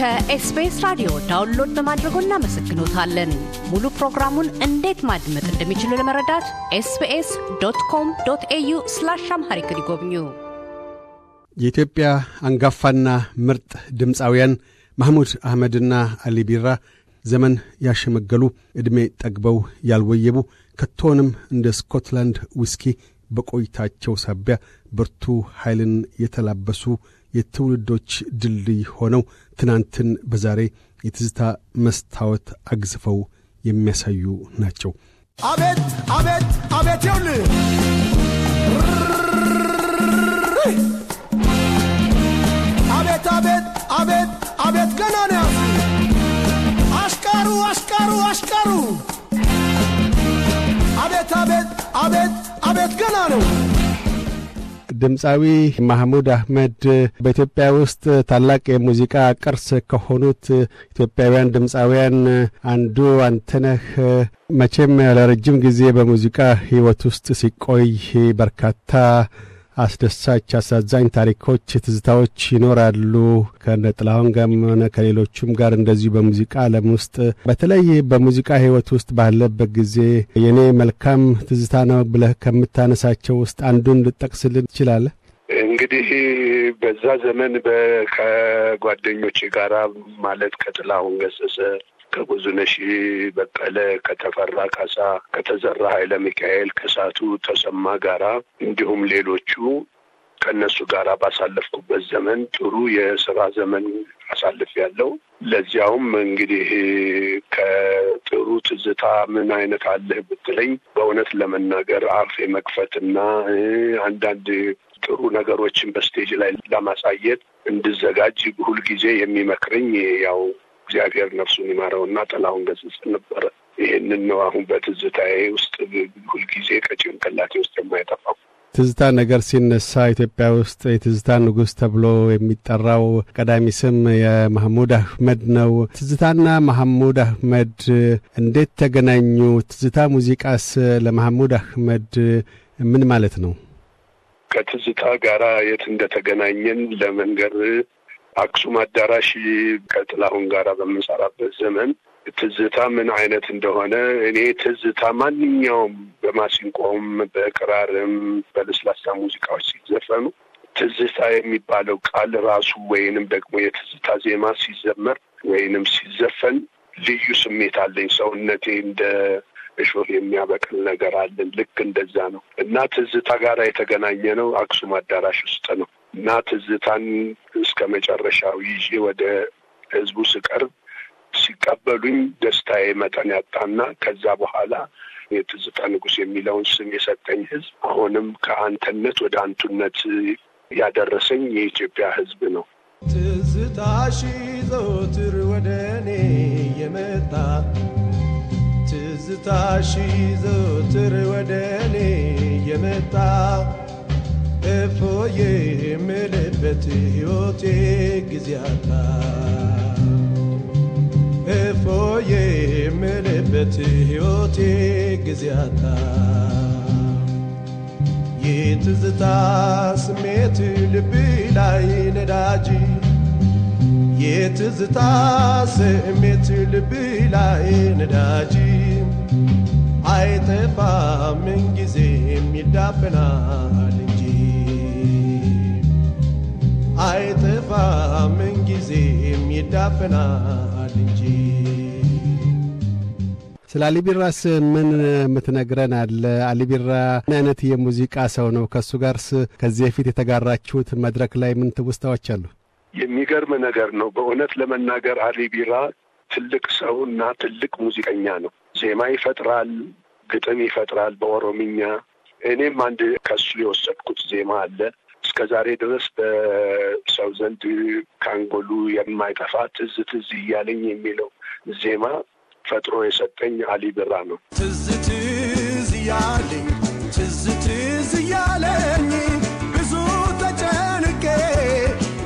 ከኤስቢኤስ ራዲዮ ዳውንሎድ በማድረጎ እናመሰግኖታለን። ሙሉ ፕሮግራሙን እንዴት ማድመጥ እንደሚችሉ ለመረዳት ኤስቢኤስ ዶት ኮም ዶት ኤዩ ስላሽ አምሃሪክ ይጎብኙ። የኢትዮጵያ አንጋፋና ምርጥ ድምፃውያን ማህሙድ አህመድና አሊ ቢራ ዘመን ያሸመገሉ ዕድሜ ጠግበው ያልወየቡ ከቶንም እንደ ስኮትላንድ ዊስኪ በቆይታቸው ሳቢያ ብርቱ ኃይልን የተላበሱ የትውልዶች ድልድይ ሆነው ትናንትን በዛሬ የትዝታ መስታወት አግዝፈው የሚያሳዩ ናቸው። አቤት አቤት አቤት ይውል አቤት አቤት አቤት አቤት ገና ነው አሽቀሩ አሽቀሩ አሽቀሩ አቤት አቤት አቤት አቤት ገና ነው ድምፃዊ ማህሙድ አህመድ በኢትዮጵያ ውስጥ ታላቅ የሙዚቃ ቅርስ ከሆኑት ኢትዮጵያውያን ድምፃውያን አንዱ አንተነህ። መቼም ለረጅም ጊዜ በሙዚቃ ሕይወት ውስጥ ሲቆይ በርካታ አስደሳች፣ አሳዛኝ ታሪኮች፣ ትዝታዎች ይኖራሉ። ከነጥላሁን ጋርም ሆነ ከሌሎቹም ጋር እንደዚሁ በሙዚቃ ዓለም ውስጥ በተለይ በሙዚቃ ህይወት ውስጥ ባለበት ጊዜ የእኔ መልካም ትዝታ ነው ብለህ ከምታነሳቸው ውስጥ አንዱን ልጠቅስልን ትችላለህ? እንግዲህ በዛ ዘመን ከጓደኞቼ ጋራ ማለት ከጥላሁን ገሰሰ ከብዙነሽ በቀለ፣ ከተፈራ ካሳ፣ ከተዘራ ኃይለ ሚካኤል፣ ከሳቱ ተሰማ ጋራ እንዲሁም ሌሎቹ ከእነሱ ጋር ባሳለፍኩበት ዘመን ጥሩ የስራ ዘመን አሳልፍ ያለው ለዚያውም እንግዲህ ከጥሩ ትዝታ ምን አይነት አለህ ብትለኝ በእውነት ለመናገር አፍ መክፈትና አንዳንድ ጥሩ ነገሮችን በስቴጅ ላይ ለማሳየት እንድዘጋጅ ሁልጊዜ የሚመክረኝ ያው እግዚአብሔር ነፍሱን ይማረውና ጥላሁን ገስጽ ነበረ። ይህንን ነው አሁን በትዝታዬ ውስጥ ሁልጊዜ ከጭንቅላቴ ውስጥ የማይጠፋው። ትዝታ ነገር ሲነሳ ኢትዮጵያ ውስጥ የትዝታ ንጉሥ ተብሎ የሚጠራው ቀዳሚ ስም የማህሙድ አህመድ ነው። ትዝታና ማህሙድ አህመድ እንዴት ተገናኙ? ትዝታ ሙዚቃስ ለማህሙድ አህመድ ምን ማለት ነው? ከትዝታ ጋር የት እንደተገናኘን ለመንገር አክሱም አዳራሽ ከጥላሁን ጋራ በምንሰራበት ዘመን ትዝታ ምን አይነት እንደሆነ እኔ ትዝታ ማንኛውም በማሲንቆም በክራርም በለስላሳ ሙዚቃዎች ሲዘፈኑ ትዝታ የሚባለው ቃል ራሱ ወይንም ደግሞ የትዝታ ዜማ ሲዘመር ወይንም ሲዘፈን ልዩ ስሜት አለኝ። ሰውነቴ እንደ እሾህ የሚያበቅል ነገር አለን። ልክ እንደዛ ነው እና ትዝታ ጋር የተገናኘ ነው አክሱም አዳራሽ ውስጥ ነው። እና ትዝታን እስከ መጨረሻው ይዤ ወደ ህዝቡ ስቀርብ ሲቀበሉኝ ደስታዬ መጠን ያጣና ከዛ በኋላ የትዝታ ንጉስ የሚለውን ስም የሰጠኝ ህዝብ አሁንም ከአንተነት ወደ አንቱነት ያደረሰኝ የኢትዮጵያ ህዝብ ነው። ትዝታሽ ዘወትር ወደ እኔ የመጣ ትዝታሽ ዘወትር ወደ እኔ የመጣ እፎዬ ምልበት ሕይወቴ ጊዜያታ እፎዬ ምልበት ሕይወቴ ጊዜያታ የትዝታ ስሜት ልብ ላይ ነዳጅ የትዝታ ስሜት ልብ ላይ ነዳጅ አይጠፋ ምንጊዜ የሚዳፍናል አይጠፋም ምንጊዜም ይዳፈናል እንጂ። ስለ አሊቢራስ ምን የምትነግረን አለ? አሊቢራ ምን አይነት የሙዚቃ ሰው ነው? ከእሱ ጋርስ ከዚህ በፊት የተጋራችሁት መድረክ ላይ ምን ትውስታዎች አሉ? የሚገርም ነገር ነው። በእውነት ለመናገር አሊቢራ ትልቅ ሰው እና ትልቅ ሙዚቀኛ ነው። ዜማ ይፈጥራል፣ ግጥም ይፈጥራል በኦሮምኛ። እኔም አንድ ከሱ የወሰድኩት ዜማ አለ እስከ ዛሬ ድረስ በሰው ዘንድ ካንጎሉ የማይጠፋ ትዝ ትዝ እያለኝ የሚለው ዜማ ፈጥሮ የሰጠኝ አሊ ብራ ነው። ትዝ ትዝ እያለኝ ትዝ ትዝ እያለኝ ብዙ ተጨንቄ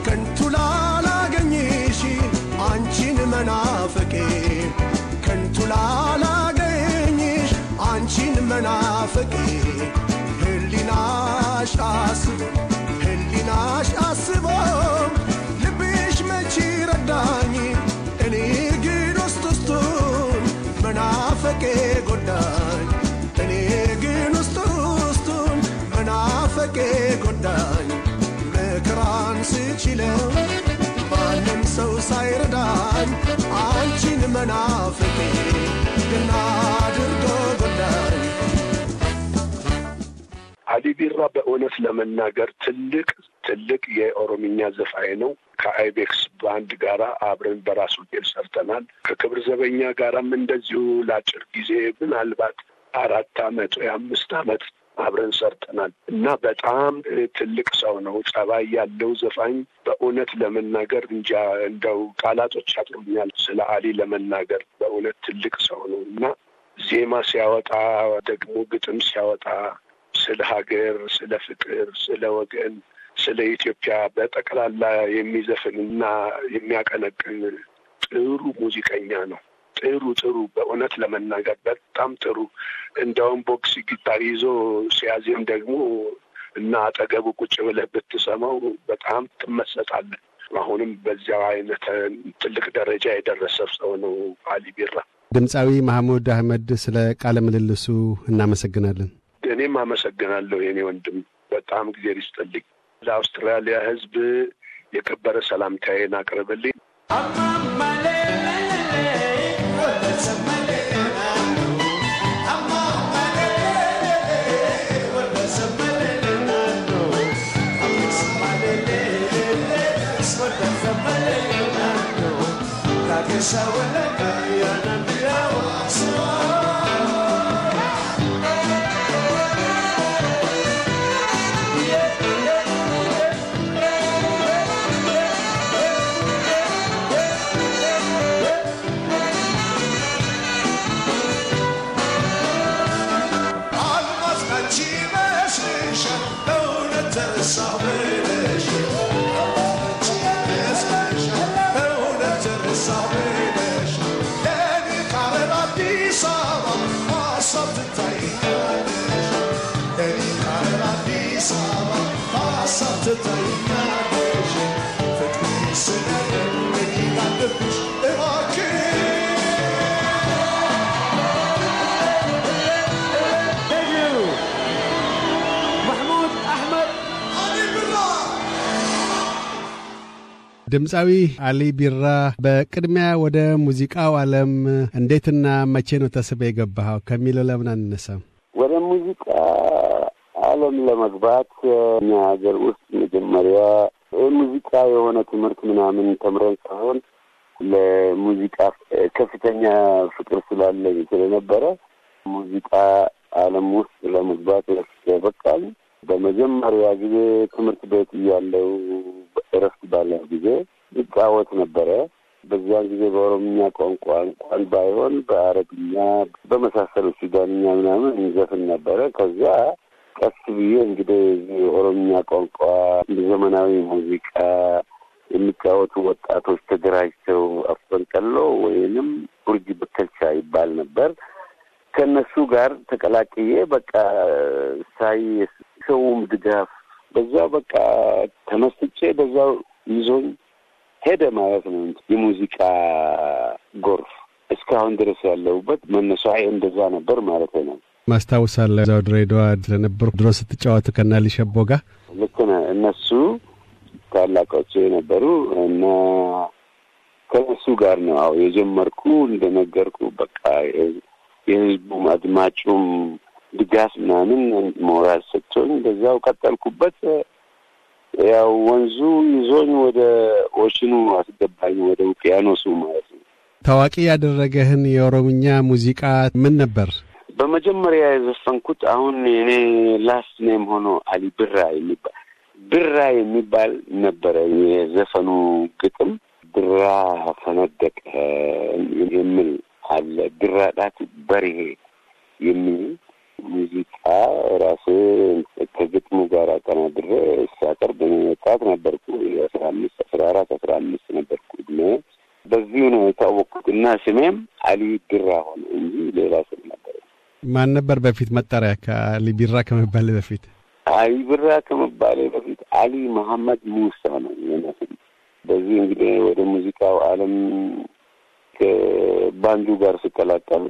ከንቱ ላላገኝሽ አንቺን መናፈቄ ከንቱ ላላገኝሽ አንቺን መና ቢለው ማንም ሰው ሳይረዳኝ አንቺን መናፍቄ ግና አድርጎ ጎዳኝ። በእውነት ለመናገር ትልቅ ትልቅ የኦሮምኛ ዘፋኝ ነው። ከአይቤክስ ባንድ ጋራ አብረን በራስ ሆቴል ሰርተናል። ከክብር ዘበኛ ጋራም እንደዚሁ ለአጭር ጊዜ ምናልባት አራት አመት ወይ አምስት አመት አብረን ሰርተናል እና በጣም ትልቅ ሰው ነው። ጸባይ ያለው ዘፋኝ በእውነት ለመናገር እንጃ እንደው ቃላቶች አጥሩኛል ስለ አሊ ለመናገር በእውነት ትልቅ ሰው ነው እና ዜማ ሲያወጣ ደግሞ ግጥም ሲያወጣ ስለ ሀገር፣ ስለ ፍቅር፣ ስለ ወገን፣ ስለ ኢትዮጵያ በጠቅላላ የሚዘፍን እና የሚያቀነቅን ጥሩ ሙዚቀኛ ነው። ጥሩ ጥሩ በእውነት ለመናገር በጣም ጥሩ። እንደውም ቦክስ ጊታር ይዞ ሲያዜም ደግሞ እና አጠገቡ ቁጭ ብለህ ብትሰማው በጣም ትመሰጣለህ። አሁንም በዚያው አይነት ትልቅ ደረጃ የደረሰ ሰው ነው አሊ ቢራ። ድምፃዊ ማህሙድ አህመድ ስለ ቃለ ምልልሱ እናመሰግናለን። እኔም አመሰግናለሁ የኔ ወንድም፣ በጣም ጊዜ ይስጥልኝ። ለአውስትራሊያ ሕዝብ የከበረ ሰላምታዬን አቅርብልኝ። wish I go. ድምፃዊ አሊ ቢራ፣ በቅድሚያ ወደ ሙዚቃው ዓለም እንዴትና መቼ ነው ተስበ የገባኸው ከሚለው ለምን አንነሳም? ወደ ሙዚቃ ዓለም ለመግባት እኛ ሀገር ውስጥ መጀመሪያ ሙዚቃ የሆነ ትምህርት ምናምን ተምረን ሳይሆን ለሙዚቃ ከፍተኛ ፍቅር ስላለኝ ስለነበረ ሙዚቃ ዓለም ውስጥ ለመግባት ያበቃል። በመጀመሪያ ጊዜ ትምህርት ቤት እያለው እረፍት ባለን ጊዜ ይጫወት ነበረ። በዚያን ጊዜ በኦሮምኛ ቋንቋ እንኳን ባይሆን በአረብኛ በመሳሰሉ ሱዳንኛ ምናምን እንዘፍን ነበረ። ከዚያ ቀስ ብዬ እንግዲህ ኦሮምኛ ቋንቋ ዘመናዊ ሙዚቃ የሚጫወቱ ወጣቶች ተደራጅተው አፈንቀሎ ወይንም ቡርጅ በከልቻ ይባል ነበር። ከእነሱ ጋር ተቀላቅዬ በቃ ሳይ ሰውም ድጋፍ በዛው በቃ ተመስጬ በዛው ይዞኝ ሄደ ማለት ነው። የሙዚቃ ጎርፍ እስካሁን ድረስ ያለሁበት መነሻ እንደዛ ነበር ማለት ነው። ማስታውሳለሁ እዛው ድሬዳዋ ስለነበሩ ድሮ ስትጫወቱ ከና ሊሸቦ ጋር ልክ ነህ። እነሱ ታላቆች የነበሩ እና ከእሱ ጋር ነው አዎ የጀመርኩ እንደነገርኩ በቃ የህዝቡም አድማጩም ድጋፍ ምናምን ሞራል ሰጥቶኝ በዛው ቀጠልኩበት። ያው ወንዙ ይዞኝ ወደ ኦሽኑ አስገባኝ፣ ወደ ውቅያኖሱ ማለት ነው። ታዋቂ ያደረገህን የኦሮምኛ ሙዚቃ ምን ነበር? በመጀመሪያ የዘፈንኩት አሁን እኔ ላስት ኔም ሆኖ አሊ ብራ የሚባል ብራ የሚባል ነበረ የዘፈኑ ግጥም። ድራ ፈነደቀ የሚል አለ፣ ድራ ዳት በርሄ የሚል ሙዚቃ ራሴ ከግጥሙ ጋር አቀናድሬ ሳቀርብ ወጣት ነበርኩ። የአስራ አምስት አስራ አራት አስራ አምስት ነበርኩ እድሜ። በዚሁ ነው የታወቅኩት እና ስሜም አሊ ቢራ ሆነ እንጂ ሌላ ስም ነበር። ማን ነበር በፊት መጠሪያ? ከአሊ ቢራ ከመባል በፊት አሊ ቢራ ከመባል በፊት አሊ መሐመድ ሙሳ ነው በዚህ እንግዲህ ወደ ሙዚቃው አለም ከባንዱ ጋር ስቀላቀሉ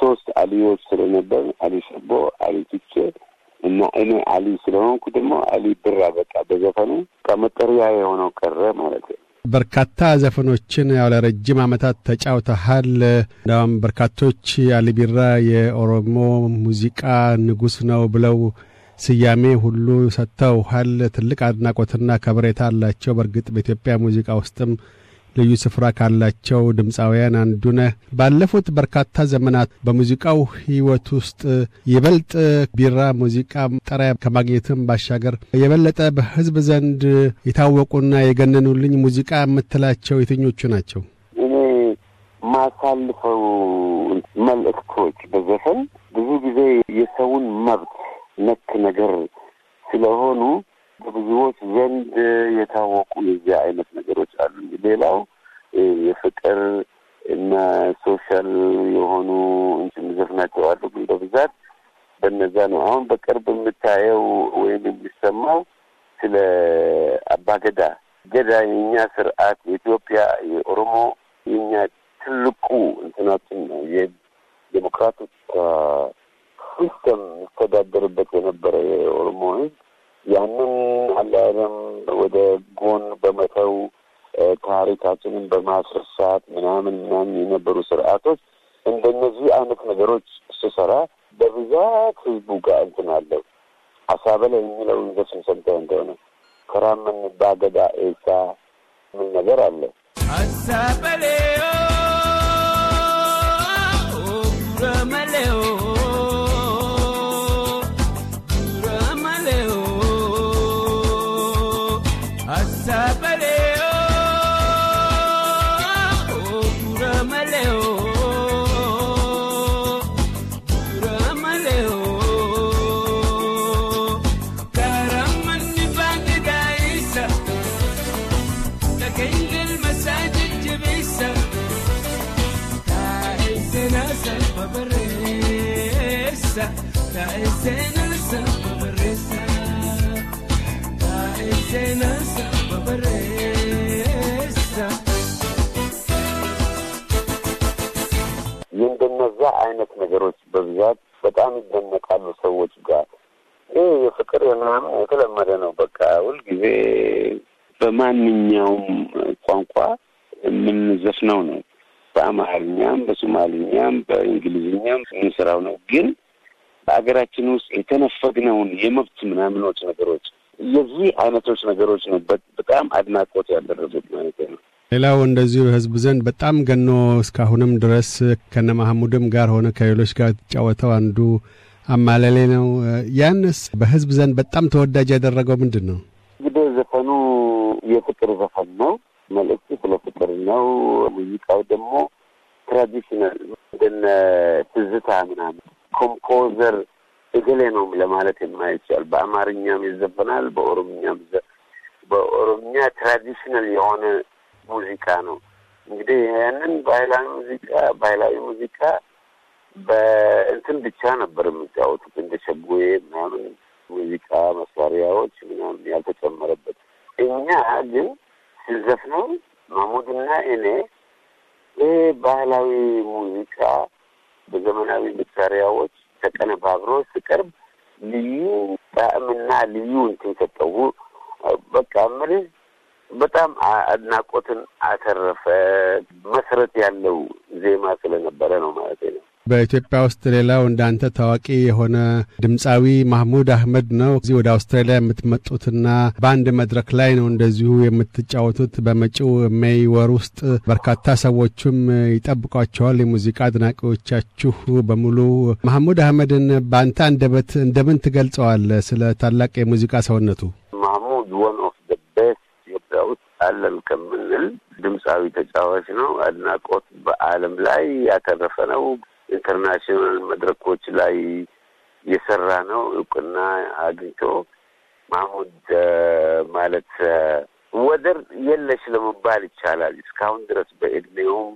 ሶስት አልዮች ስለነበር አሊ ሸቦ፣ አሊ ትቼ እና እኔ አሊ ስለሆንኩ ደግሞ አሊ ብራ በቃ በዘፈኑ ከመጠሪያ የሆነው ቀረ ማለት ነው። በርካታ ዘፈኖችን ያው ለረጅም ዓመታት ተጫውተሃል። እንዳውም በርካቶች አሊ ቢራ የኦሮሞ ሙዚቃ ንጉሥ ነው ብለው ስያሜ ሁሉ ሰጥተውሃል። ትልቅ አድናቆትና ከበሬታ አላቸው። በእርግጥ በኢትዮጵያ ሙዚቃ ውስጥም ልዩ ስፍራ ካላቸው ድምፃውያን አንዱ ነህ። ባለፉት በርካታ ዘመናት በሙዚቃው ሕይወት ውስጥ ይበልጥ ቢራ ሙዚቃ ጠሪያ ከማግኘትም ባሻገር የበለጠ በሕዝብ ዘንድ የታወቁና የገነኑልኝ ሙዚቃ የምትላቸው የትኞቹ ናቸው? እኔ ማሳልፈው መልእክቶች በዘፈን ብዙ ጊዜ የሰውን መብት ነክ ነገር ስለሆኑ በብዙዎች ዘንድ የታወቁ የዚህ አይነት ነገሮች አሉ። ሌላው የፍቅር እና ሶሻል የሆኑ የሚዘፍናቸው አሉ፣ ግን በብዛት በነዛ ነው። አሁን በቅርብ የምታየው ወይም የሚሰማው ስለ አባገዳ ገዳ የኛ ስርዓት የኢትዮጵያ የኦሮሞ የኛ ትልቁ እንትናችን ነው የዴሞክራቲክ ሲስተም የሚተዳደርበት የነበረ የኦሮሞ ህዝብ ያንን አለያለም ወደ ጎን በመተው ታሪካችንን በማስረሳት ምናምን ምናምን የነበሩ ስርዓቶች እንደነዚህ አይነት ነገሮች ስሰራ በብዛት ህዝቡ ጋር እንትን አለው። አሳበለ የሚለው ዘፈን ሰምተህ እንደሆነ ከራምን ባገዳ ኤሳ ምን ነገር አለ አሳበሌ ta'isenasa የእንደነዛ አይነት ነገሮች በብዛት በጣም ይደነቃሉ ሰዎች ጋር። ይህ የፍቅር ምናምን የተለመደ ነው። በቃ ሁልጊዜ በማንኛውም ቋንቋ የምንዘፍነው ነው። በአማርኛም፣ በሶማሊኛም በእንግሊዝኛም የምንሰራው ነው ግን በሀገራችን ውስጥ የተነፈግነውን የመብት ምናምኖች ነገሮች የዚህ አይነቶች ነገሮች ነው በጣም አድናቆት ያደረጉት ማለት ነው። ሌላው እንደዚሁ ህዝብ ዘንድ በጣም ገኖ እስካሁንም ድረስ ከነ ማህሙድም ጋር ሆነ ከሌሎች ጋር ተጫወተው አንዱ አማለሌ ነው። ያንስ በህዝብ ዘንድ በጣም ተወዳጅ ያደረገው ምንድን ነው? እንግዲህ ዘፈኑ የፍቅር ዘፈን ነው። መልእክቱ ስለ ፍቅር ነው። ሙዚቃው ደግሞ ትራዲሽናል እንደነ ትዝታ ምናምን ኮምፖዘር እገሌ ነው ለማለት የማይቻል በአማርኛም ይዘፈናል፣ በኦሮምኛም በኦሮምኛ ትራዲሽናል የሆነ ሙዚቃ ነው። እንግዲህ ያንን ባህላዊ ሙዚቃ ባህላዊ ሙዚቃ በእንትን ብቻ ነበር የሚጫወቱት እንደ ሸጉዌ ምናምን ሙዚቃ መሳሪያዎች ምናምን ያልተጨመረበት። እኛ ግን ስንዘፍነው ማሙድና እኔ ይህ ባህላዊ ዘመናዊ መሳሪያዎች ተቀነባብሮ ስቀርብ ልዩ ጣዕምና ልዩ እንትን ሰጠው። በቃ ምልህ በጣም አድናቆትን አተረፈ። መሰረት ያለው ዜማ ስለነበረ ነው ማለት በኢትዮጵያ ውስጥ ሌላው እንዳንተ ታዋቂ የሆነ ድምፃዊ ማህሙድ አህመድ ነው። እዚህ ወደ አውስትራሊያ የምትመጡትና በአንድ መድረክ ላይ ነው እንደዚሁ የምትጫወቱት። በመጪው ሜይ ወር ውስጥ በርካታ ሰዎችም ይጠብቋቸዋል፣ የሙዚቃ አድናቂዎቻችሁ በሙሉ። ማህሙድ አህመድን በአንተ አንደበት እንደምን ትገልጸዋል? ስለ ታላቅ የሙዚቃ ሰውነቱ ማህሙድ ወን ኦፍ ቤስት ኢትዮጵያ ውስጥ አለን ከምንል ድምፃዊ ተጫዋች ነው። አድናቆት በዓለም ላይ ያተረፈ ነው። ኢንተርናሽናል መድረኮች ላይ የሰራ ነው እውቅና አግኝቶ ማሙድ ማለት ወደር የለሽ ለመባል ይቻላል። እስካሁን ድረስ በእድሜውም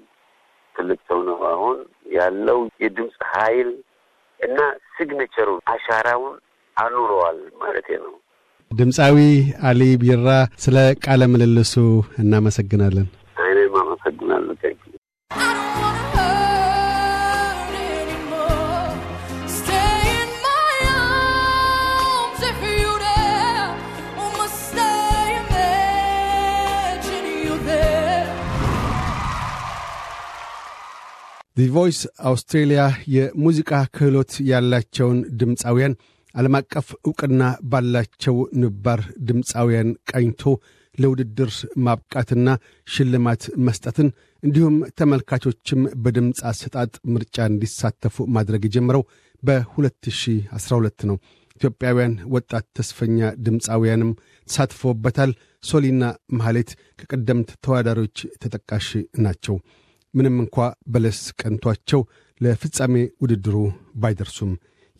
ትልቅ ሰው ነው። አሁን ያለው የድምፅ ኃይል እና ሲግኔቸሩን አሻራውን አኑረዋል ማለት ነው። ድምፃዊ አሊ ቢራ ስለ ቃለ ምልልሱ እናመሰግናለን። አይኔም አመሰግናለሁ። ቮይስ አውስትሬልያ የሙዚቃ ክህሎት ያላቸውን ድምፃውያን ዓለም አቀፍ ዕውቅና ባላቸው ንባር ድምፃውያን ቀኝቶ ለውድድር ማብቃትና ሽልማት መስጠትን እንዲሁም ተመልካቾችም በድምፅ አሰጣጥ ምርጫ እንዲሳተፉ ማድረግ የጀምረው በ2012 ነው። ኢትዮጵያውያን ወጣት ተስፈኛ ድምፃውያንም ተሳትፎበታል። ሶሊና መሐሌት ከቀደምት ተወዳዳሪዎች ተጠቃሽ ናቸው። ምንም እንኳ በለስ ቀንቷቸው ለፍጻሜ ውድድሩ ባይደርሱም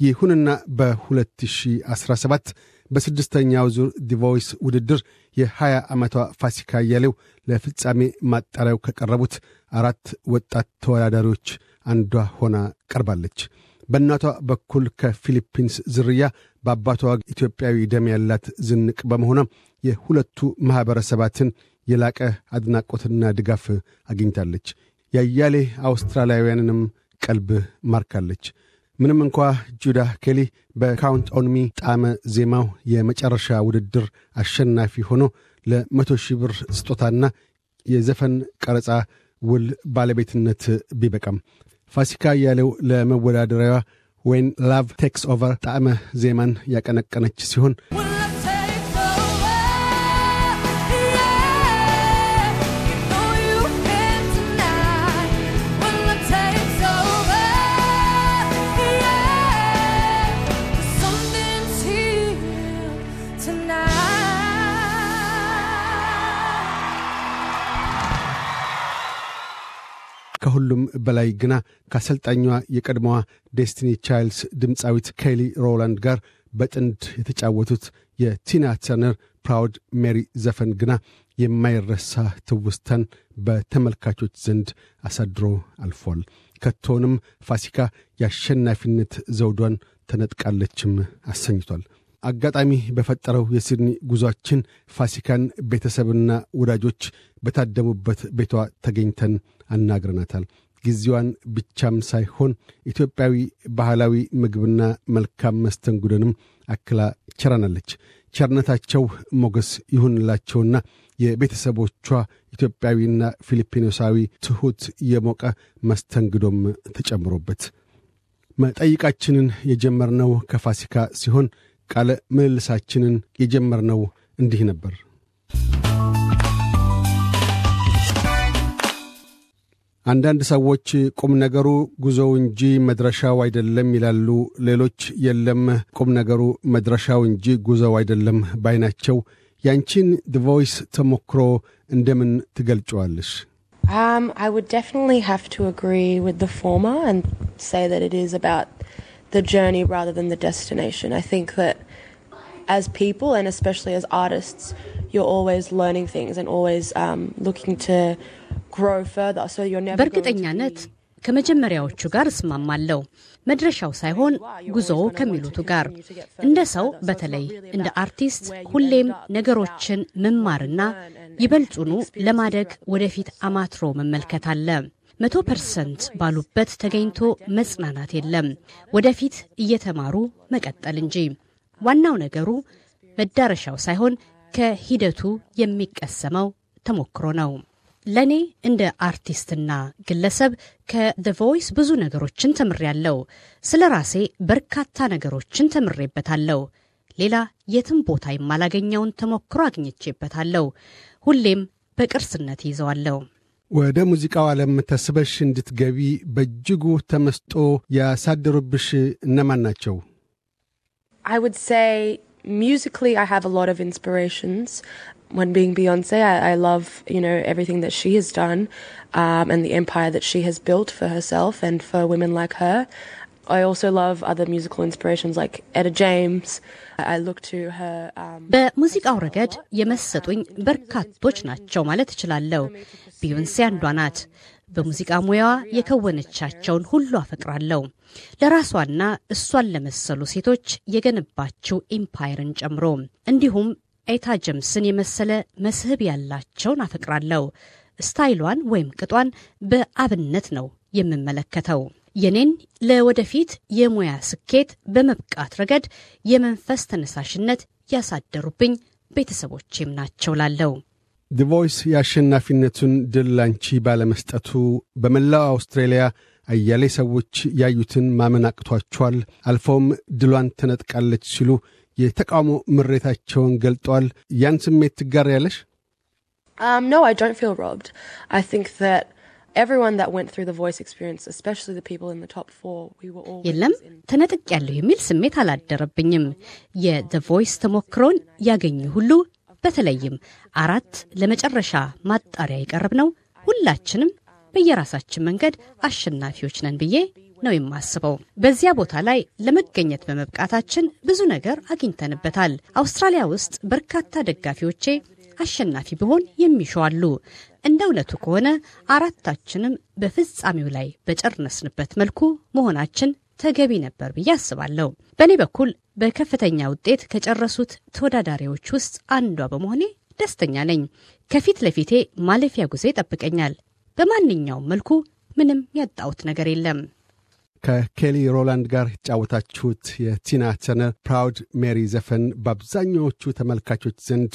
ይሁንና በ2017 በስድስተኛው ዙር ዲቮይስ ውድድር የ20 ዓመቷ ፋሲካ እያሌው ለፍጻሜ ማጣሪያው ከቀረቡት አራት ወጣት ተወዳዳሪዎች አንዷ ሆና ቀርባለች። በእናቷ በኩል ከፊሊፒንስ ዝርያ በአባቷ ኢትዮጵያዊ ደም ያላት ዝንቅ በመሆኗ የሁለቱ ማኅበረሰባትን የላቀ አድናቆትና ድጋፍ አግኝታለች። የአያሌ አውስትራሊያውያንንም ቀልብ ማርካለች። ምንም እንኳ ጁዳ ኬሊ በካውንት ኦንሚ ጣመ ዜማው የመጨረሻ ውድድር አሸናፊ ሆኖ ለመቶ ሺህ ብር ስጦታና የዘፈን ቀረጻ ውል ባለቤትነት ቢበቃም ፋሲካ ያለው ለመወዳደሪያዋ ዌን ላቭ ቴክስ ኦቨር ጣዕመ ዜማን ያቀነቀነች ሲሆን ከሁሉም በላይ ግና ከአሰልጣኟ የቀድሞዋ ዴስቲኒ ቻይልስ ድምፃዊት ኬሊ ሮላንድ ጋር በጥንድ የተጫወቱት የቲና ተርነር ፕራውድ ሜሪ ዘፈን ግና የማይረሳ ትውስተን በተመልካቾች ዘንድ አሳድሮ አልፏል። ከቶንም ፋሲካ የአሸናፊነት ዘውዷን ተነጥቃለችም አሰኝቷል። አጋጣሚ በፈጠረው የሲድኒ ጉዟችን ፋሲካን ቤተሰብና ወዳጆች በታደሙበት ቤቷ ተገኝተን አናግረናታል። ጊዜዋን ብቻም ሳይሆን ኢትዮጵያዊ ባህላዊ ምግብና መልካም መስተንጉደንም አክላ ቸራናለች። ቸርነታቸው ሞገስ ይሁንላቸውና የቤተሰቦቿ ኢትዮጵያዊና ፊልፒኖሳዊ ትሑት የሞቀ መስተንግዶም ተጨምሮበት መጠይቃችንን የጀመርነው ከፋሲካ ሲሆን ቃለ ምልልሳችንን የጀመርነው እንዲህ ነበር። አንዳንድ ሰዎች ቁም ነገሩ ጉዞው እንጂ መድረሻው አይደለም ይላሉ። ሌሎች የለም ቁም ነገሩ መድረሻው እንጂ ጉዞው አይደለም ባይ ናቸው። ያንቺን ድቮይስ ተሞክሮ እንደምን ትገልጨዋለሽ? Um, I would definitely have to agree with the former and say that it is about the journey rather than the destination. I think that as people and especially as artists, you're always learning things and always um, looking to grow further. So you're never. በእርግጠኛነት ከመጀመሪያዎቹ ጋር እስማማለሁ። መድረሻው ሳይሆን ጉዞው ከሚሉቱ ጋር እንደ ሰው በተለይ እንደ አርቲስት ሁሌም ነገሮችን መማርና ይበልጡኑ ለማደግ ወደፊት አማትሮ መመልከት አለ። መቶ ፐርሰንት ባሉበት ተገኝቶ መጽናናት የለም፣ ወደፊት እየተማሩ መቀጠል እንጂ። ዋናው ነገሩ መዳረሻው ሳይሆን ከሂደቱ የሚቀሰመው ተሞክሮ ነው። ለእኔ እንደ አርቲስትና ግለሰብ ከዘ ቮይስ ብዙ ነገሮችን ተምሬያለሁ። ስለ ራሴ በርካታ ነገሮችን ተምሬበታለሁ። ሌላ የትም ቦታ የማላገኘውን ተሞክሮ አግኝቼበታለሁ። ሁሌም በቅርስነት ይዘዋለሁ። ወደ ሙዚቃው ዓለም ተስበሽ እንድትገቢ በእጅጉ ተመስጦ ያሳደሩብሽ እነማን ናቸው? I would say musically I have a lot of inspirations. When being Beyonce, I, I love you know everything that she has done um, and the empire that she has built for herself and for women like her. Um, በሙዚቃው ረገድ የመሰጡኝ በርካቶች ናቸው ማለት እችላለሁ። ቢዮንሴ አንዷ ናት። በሙዚቃ ሙያዋ የከወነቻቸውን ሁሉ አፈቅራለሁ። ለራሷና እሷን ለመሰሉ ሴቶች የገነባችው ኢምፓየርን ጨምሮ እንዲሁም ኤታ ጀምስን የመሰለ መስህብ ያላቸውን አፈቅራለሁ። ስታይሏን ወይም ቅጧን በአብነት ነው የምመለከተው። የኔን ለወደፊት የሙያ ስኬት በመብቃት ረገድ የመንፈስ ተነሳሽነት ያሳደሩብኝ ቤተሰቦቼም ናቸው ላለው ዲቮይስ የአሸናፊነቱን ድል ላንቺ ባለመስጠቱ በመላው አውስትሬልያ አያሌ ሰዎች ያዩትን ማመን አቅቷቸዋል፣ አልፎም ድሏን ተነጥቃለች ሲሉ የተቃውሞ ምሬታቸውን ገልጠዋል። ያን ስሜት ትጋር ያለሽ? Um, የለም ተነጥቅ ያለሁ የሚል ስሜት አላደረብኝም። የዘ ቮይስ ተሞክሮን ያገኙ ሁሉ በተለይም አራት ለመጨረሻ ማጣሪያ ነው። ሁላችንም በየራሳችን መንገድ አሸናፊዎች ነን ብዬ ነው የማስበው። በዚያ ቦታ ላይ ለመገኘት በመብቃታችን ብዙ ነገር አግኝተንበታል። አውስትራሊያ ውስጥ በርካታ ደጋፊዎቼ አሸናፊ ቢሆን የሚሸዋሉ። እንደ እውነቱ ከሆነ አራታችንም በፍጻሜው ላይ በጨርነስንበት መልኩ መሆናችን ተገቢ ነበር ብዬ አስባለሁ። በእኔ በኩል በከፍተኛ ውጤት ከጨረሱት ተወዳዳሪዎች ውስጥ አንዷ በመሆኔ ደስተኛ ነኝ። ከፊት ለፊቴ ማለፊያ ጉዞ ይጠብቀኛል። በማንኛውም መልኩ ምንም ያጣሁት ነገር የለም። ከኬሊ ሮላንድ ጋር የተጫወታችሁት የቲና ተርነር ፕራውድ ሜሪ ዘፈን በአብዛኛዎቹ ተመልካቾች ዘንድ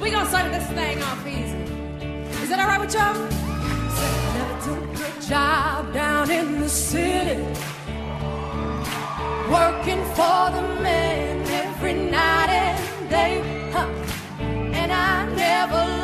we gonna start this thing off easy. Is that alright with y'all? Never took a job down in the city. Working for the men every night and day. Huh. And I never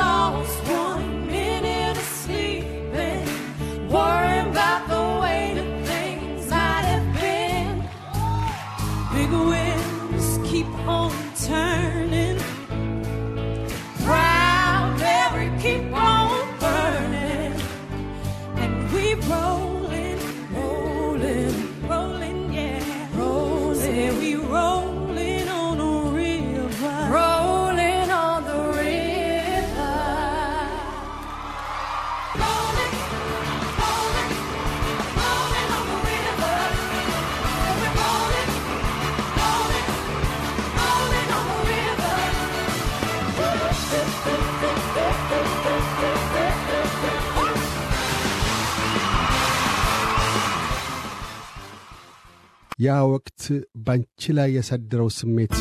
ያ ወቅት ባንቺ ላይ ያሳደረው ስሜት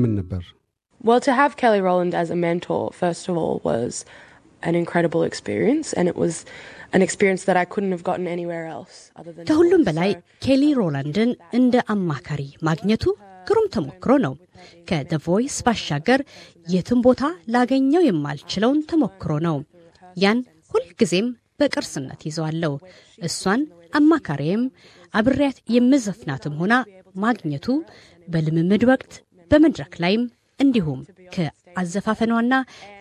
ምን ነበር? Well, to have Kelly Rowland as a mentor, first of all, was an incredible experience, and it was an experience that I couldn't have gotten anywhere else. Other than ከሁሉም በላይ ኬሊ ሮላንድን እንደ አማካሪ ማግኘቱ ግሩም ተሞክሮ ነው። ከደ ቮይስ ባሻገር የትም ቦታ ላገኘው የማልችለውን ተሞክሮ ነው። ያን ሁልጊዜም በቅርስነት ይዘዋለሁ። እሷን አማካሪም አብሬያት የምዘፍናትም ሆና ማግኘቱ በልምምድ ወቅት በመድረክ ላይም እንዲሁም ከአዘፋፈኗና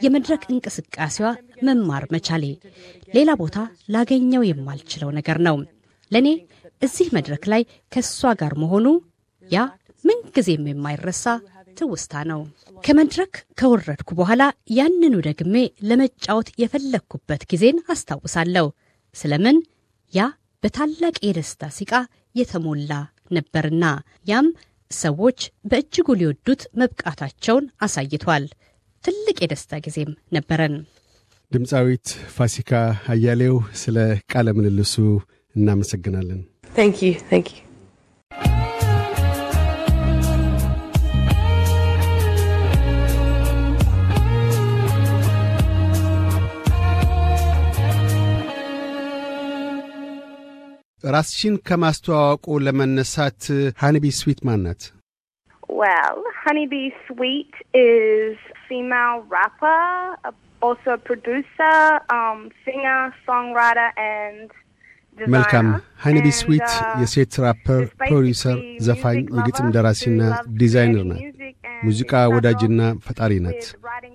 የመድረክ እንቅስቃሴዋ መማር መቻሌ ሌላ ቦታ ላገኘው የማልችለው ነገር ነው። ለእኔ እዚህ መድረክ ላይ ከእሷ ጋር መሆኑ ያ ምንጊዜም የማይረሳ ትውስታ ነው። ከመድረክ ከወረድኩ በኋላ ያንኑ ደግሜ ለመጫወት የፈለግኩበት ጊዜን አስታውሳለሁ። ስለምን ያ በታላቅ የደስታ ሲቃ የተሞላ ነበርና ያም ሰዎች በእጅጉ ሊወዱት መብቃታቸውን አሳይቷል። ትልቅ የደስታ ጊዜም ነበረን። ድምፃዊት ፋሲካ አያሌው ስለ ቃለ ምልልሱ እናመሰግናለን። ራስሽን ከማስተዋወቁ ለመነሳት ሃኒቢ ስዊት ማን ናት? Well, Honeybee Sweet is female rapper, also producer, um, singer, songwriter, and መልካም ሃኒቢ ስዊት የሴት ራፐር፣ ፕሮዲሰር፣ ዘፋኝ፣ የግጥም ደራሲና ዲዛይነር ናት። ሙዚቃ ወዳጅና ፈጣሪ ናት።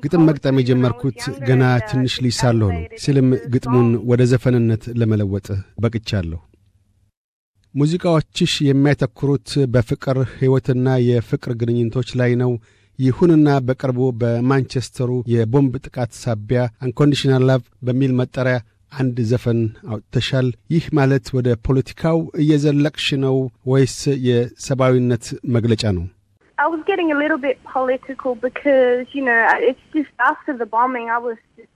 ግጥም መግጠም የጀመርኩት ገና uh, ትንሽ ልጅ ሳለሁ ነው። ስልም ግጥሙን ወደ ዘፈንነት ለመለወጥ በቅቻለሁ። ሙዚቃዎችሽ የሚያተኩሩት በፍቅር ሕይወትና የፍቅር ግንኙነቶች ላይ ነው። ይሁንና በቅርቡ በማንቸስተሩ የቦምብ ጥቃት ሳቢያ አንኮንዲሽናል ላቭ በሚል መጠሪያ አንድ ዘፈን አውጥተሻል። ይህ ማለት ወደ ፖለቲካው እየዘለቅሽ ነው ወይስ የሰብአዊነት መግለጫ ነው? I was getting a little bit political because, you know, it's just after the bombing, I was just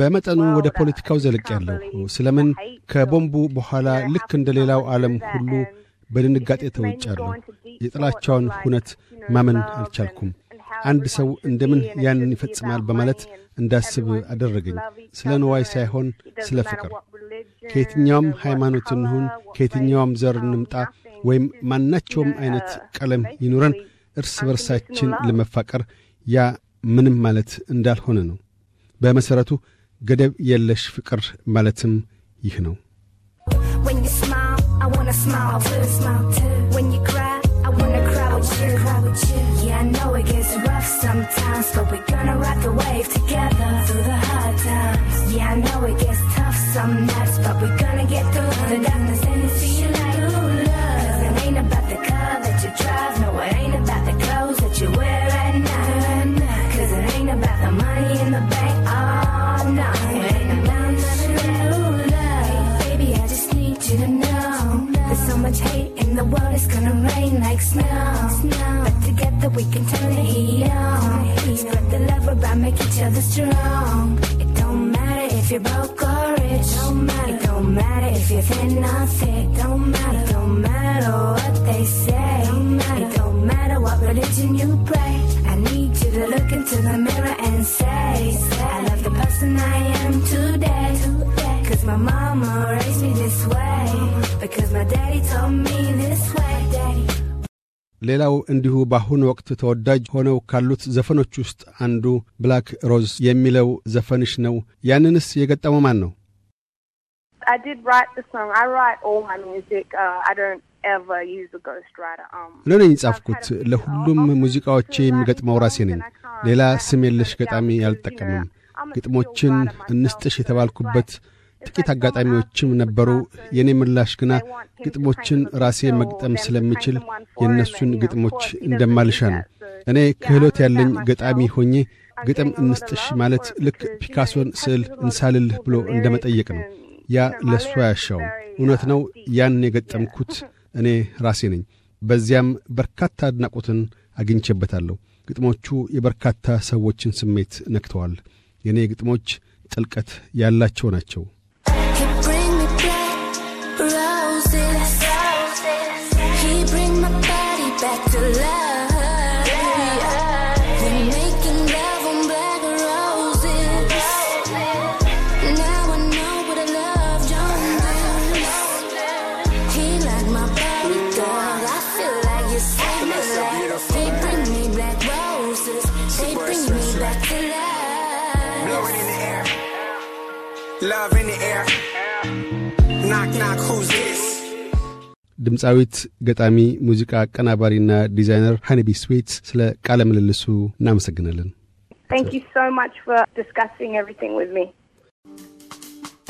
በመጠኑ ወደ ፖለቲካው ዘልቅ ያለሁ ስለምን ከቦምቡ በኋላ ልክ እንደ ሌላው ዓለም ሁሉ በድንጋጤ ተውጫለሁ። የጥላቻውን ሁነት ማመን አልቻልኩም። አንድ ሰው እንደምን ያንን ይፈጽማል በማለት እንዳስብ አደረገኝ። ስለ ንዋይ ሳይሆን ስለ ፍቅር። ከየትኛውም ሃይማኖት እንሁን፣ ከየትኛውም ዘር um, እንምጣ፣ ወይም ማናቸውም uh, አይነት ቀለም ይኑረን፣ እርስ በርሳችን ለመፋቀር ያ ምንም ማለት እንዳልሆነ ነው። በመሠረቱ ገደብ የለሽ ፍቅር ማለትም ይህ ነው። like snow. snow. But together we can turn the heat on. Spread the love around, make each other strong. It don't matter if you're broke or rich. It don't matter, it don't matter if you're thin or thick. It don't matter, it don't matter what they say. It don't matter, it don't matter what religion you pray. I need you to look into the mirror and say, say I love the person I am today. Cause my mama raised me this way. Because my daddy told me this way ሌላው እንዲሁ በአሁኑ ወቅት ተወዳጅ ሆነው ካሉት ዘፈኖች ውስጥ አንዱ ብላክ ሮዝ የሚለው ዘፈንሽ ነው። ያንንስ የገጠመው ማን ነው? Uh, um, እኔ ነኝ ጻፍኩት። ለሁሉም ሙዚቃዎቼ የሚገጥመው ራሴ ነኝ። ሌላ ስም የለሽ ገጣሚ አልጠቀምም። ግጥሞችን እንስጥሽ የተባልኩበት ጥቂት አጋጣሚዎችም ነበሩ። የእኔ ምላሽ ግና ግጥሞችን ራሴ መግጠም ስለምችል የእነሱን ግጥሞች እንደማልሻ ነው። እኔ ክህሎት ያለኝ ገጣሚ ሆኜ ግጥም እንስጥሽ ማለት ልክ ፒካሶን ስዕል እንሳልልህ ብሎ እንደ መጠየቅ ነው። ያ ለእሱ አያሻውም። እውነት ነው፣ ያን የገጠምኩት እኔ ራሴ ነኝ። በዚያም በርካታ አድናቆትን አግኝቼበታለሁ። ግጥሞቹ የበርካታ ሰዎችን ስሜት ነክተዋል። የእኔ ግጥሞች ጥልቀት ያላቸው ናቸው። to love. We're making love on black roses. Now know what love, He like my I feel like saved my life. bring me black roses. bring me back to in the air. Love in the air. Knock, knock, who's this? ድምፃዊት፣ ገጣሚ፣ ሙዚቃ አቀናባሪና ዲዛይነር ሃኒቢ ስዊት ስለ ቃለ ምልልሱ እናመሰግናለን። Thank you so much for discussing everything with me.